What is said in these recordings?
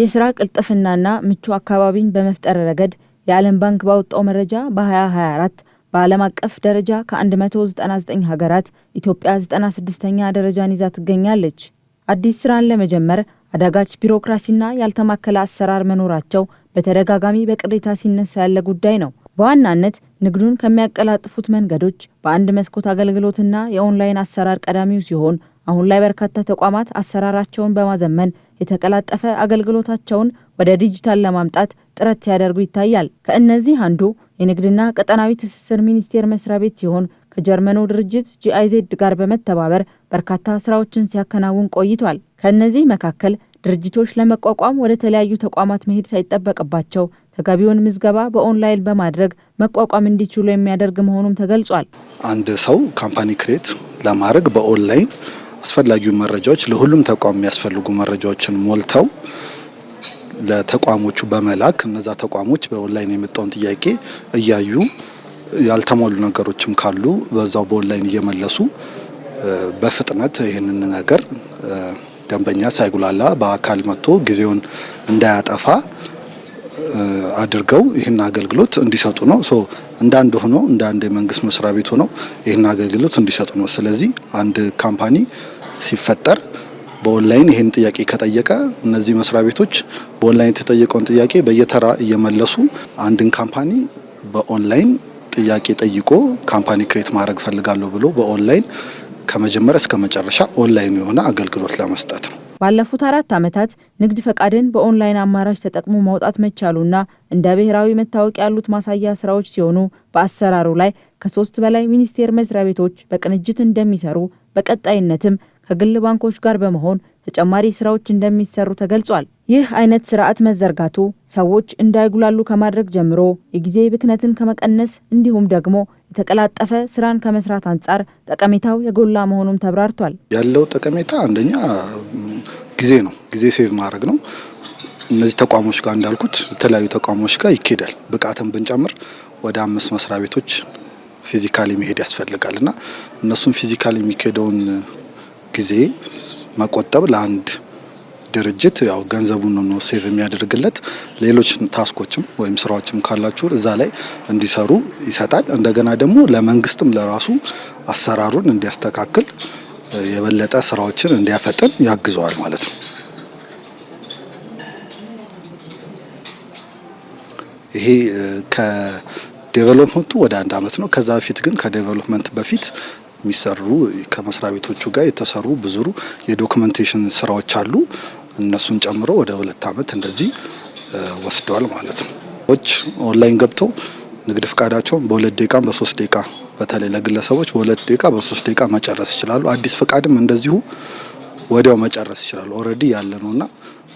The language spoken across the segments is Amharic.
የስራ ቅልጥፍናና ምቹ አካባቢን በመፍጠር ረገድ የዓለም ባንክ ባወጣው መረጃ በ2024 በዓለም አቀፍ ደረጃ ከ199 ሀገራት ኢትዮጵያ 96ኛ ደረጃን ይዛ ትገኛለች። አዲስ ስራን ለመጀመር አዳጋች ቢሮክራሲና ያልተማከለ አሰራር መኖራቸው በተደጋጋሚ በቅሬታ ሲነሳ ያለ ጉዳይ ነው። በዋናነት ንግዱን ከሚያቀላጥፉት መንገዶች በአንድ መስኮት አገልግሎትና የኦንላይን አሰራር ቀዳሚው ሲሆን አሁን ላይ በርካታ ተቋማት አሰራራቸውን በማዘመን የተቀላጠፈ አገልግሎታቸውን ወደ ዲጂታል ለማምጣት ጥረት ሲያደርጉ ይታያል። ከእነዚህ አንዱ የንግድና ቀጠናዊ ትስስር ሚኒስቴር መስሪያ ቤት ሲሆን ከጀርመኑ ድርጅት ጂአይዜድ ጋር በመተባበር በርካታ ስራዎችን ሲያከናውን ቆይቷል። ከእነዚህ መካከል ድርጅቶች ለመቋቋም ወደ ተለያዩ ተቋማት መሄድ ሳይጠበቅባቸው ተገቢውን ምዝገባ በኦንላይን በማድረግ መቋቋም እንዲችሉ የሚያደርግ መሆኑም ተገልጿል። አንድ ሰው ካምፓኒ ክሬት ለማድረግ በኦንላይን አስፈላጊ መረጃዎች ለሁሉም ተቋም የሚያስፈልጉ መረጃዎችን ሞልተው ለተቋሞቹ በመላክ እነዛ ተቋሞች በኦንላይን የመጣውን ጥያቄ እያዩ ያልተሟሉ ነገሮችም ካሉ በዛው በኦንላይን እየመለሱ በፍጥነት ይህንን ነገር ደንበኛ ሳይጉላላ በአካል መጥቶ ጊዜውን እንዳያጠፋ አድርገው ይህን አገልግሎት እንዲሰጡ ነው። ሶ እንዳንድ ሆኖ እንደ አንድ የመንግስት መስሪያ ቤት ሆነው ይህን አገልግሎት እንዲሰጡ ነው። ስለዚህ አንድ ካምፓኒ ሲፈጠር በኦንላይን ይህን ጥያቄ ከጠየቀ እነዚህ መስሪያ ቤቶች በኦንላይን የተጠየቀውን ጥያቄ በየተራ እየመለሱ አንድን ካምፓኒ በኦንላይን ጥያቄ ጠይቆ ካምፓኒ ክሬት ማድረግ ፈልጋለሁ ብሎ በኦንላይን ከመጀመሪያ እስከ መጨረሻ ኦንላይን የሆነ አገልግሎት ለመስጠት ነው። ባለፉት አራት ዓመታት ንግድ ፈቃድን በኦንላይን አማራጭ ተጠቅሞ ማውጣት መቻሉና እንደ ብሔራዊ መታወቂያ ያሉት ማሳያ ስራዎች ሲሆኑ በአሰራሩ ላይ ከሶስት በላይ ሚኒስቴር መስሪያ ቤቶች በቅንጅት እንደሚሰሩ በቀጣይነትም ከግል ባንኮች ጋር በመሆን ተጨማሪ ስራዎች እንደሚሰሩ ተገልጿል። ይህ አይነት ስርዓት መዘርጋቱ ሰዎች እንዳይጉላሉ ከማድረግ ጀምሮ የጊዜ ብክነትን ከመቀነስ እንዲሁም ደግሞ የተቀላጠፈ ስራን ከመስራት አንጻር ጠቀሜታው የጎላ መሆኑም ተብራርቷል። ያለው ጠቀሜታ አንደኛ ጊዜ ነው፣ ጊዜ ሴቭ ማድረግ ነው። እነዚህ ተቋሞች ጋር እንዳልኩት የተለያዩ ተቋሞች ጋር ይኬዳል። ብቃትን ብንጨምር ወደ አምስት መስሪያ ቤቶች ፊዚካሊ መሄድ ያስፈልጋል እና እነሱን ፊዚካሊ የሚካሄደውን ጊዜ መቆጠብ ለአንድ ድርጅት ያው ገንዘቡን ነው ሴቭ የሚያደርግለት። ሌሎች ታስኮችም ወይም ስራዎችም ካላችሁ እዛ ላይ እንዲሰሩ ይሰጣል። እንደገና ደግሞ ለመንግስትም ለራሱ አሰራሩን እንዲያስተካክል የበለጠ ስራዎችን እንዲያፈጥን ያግዘዋል ማለት ነው። ይሄ ከ ዴቨሎፕመንቱ ወደ አንድ አመት ነው። ከዛ በፊት ግን ከዴቨሎፕመንት በፊት የሚሰሩ ከመስሪያ ቤቶቹ ጋር የተሰሩ ብዙ የዶክመንቴሽን ስራዎች አሉ። እነሱን ጨምሮ ወደ ሁለት አመት እንደዚህ ወስደዋል ማለት ነው። ዎች ኦንላይን ገብተው ንግድ ፍቃዳቸውን በሁለት ደቂቃ በሶስት ደቂቃ በተለይ ለግለሰቦች በሁለት ደቂቃ በሶስት ደቂቃ መጨረስ ይችላሉ። አዲስ ፍቃድም እንደዚሁ ወዲያው መጨረስ ይችላሉ። ኦልሬዲ ያለ ነውና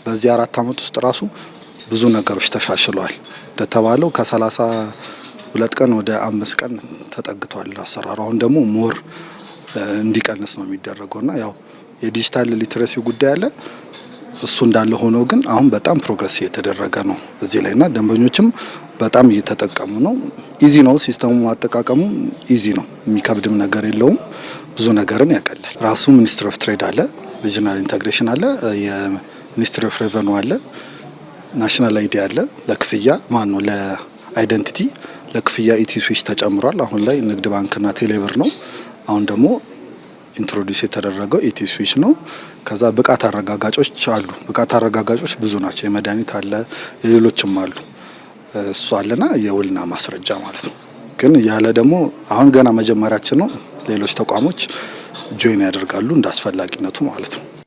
በዚህ አራት አመት ውስጥ ራሱ ብዙ ነገሮች ተሻሽለዋል። እንደተባለው ከሰላሳ ሁለት ቀን ወደ አምስት ቀን ተጠግቷል አሰራሩ። አሁን ደግሞ ሞር እንዲቀንስ ነው ና ያው የዲጂታል ሊትረሲ ጉዳይ አለ። እሱ እንዳለ ሆኖ ግን አሁን በጣም ፕሮግረስ እየተደረገ ነው እዚህ ላይ ና ደንበኞችም በጣም እየተጠቀሙ ነው። ኢዚ ነው ሲስተሙ ማጠቃቀሙ ኢዚ ነው፣ የሚከብድም ነገር የለውም። ብዙ ነገርን ያቀላል። ራሱ ሚኒስትሪ ኦፍ ትሬድ አለ፣ ሪጅናል ኢንተግሬሽን አለ፣ የሚኒስትር ኦፍ ሬቨኑ አለ፣ ናሽናል አይዲ አለ ለክፍያ ማነው ነው ለአይደንቲቲ ለክፍያ ኢቲ ስዊች ተጨምሯል። አሁን ላይ ንግድ ባንክና ቴሌብር ነው። አሁን ደግሞ ኢንትሮዲስ የተደረገው ኢቲ ስዊች ነው። ከዛ ብቃት አረጋጋጮች አሉ። ብቃት አረጋጋጮች ብዙ ናቸው። የመድኃኒት አለ፣ የሌሎችም አሉ። እሱ አለና የውልና ማስረጃ ማለት ነው። ግን ያለ ደግሞ አሁን ገና መጀመሪያችን ነው። ሌሎች ተቋሞች ጆይን ያደርጋሉ እንደ አስፈላጊነቱ ማለት ነው።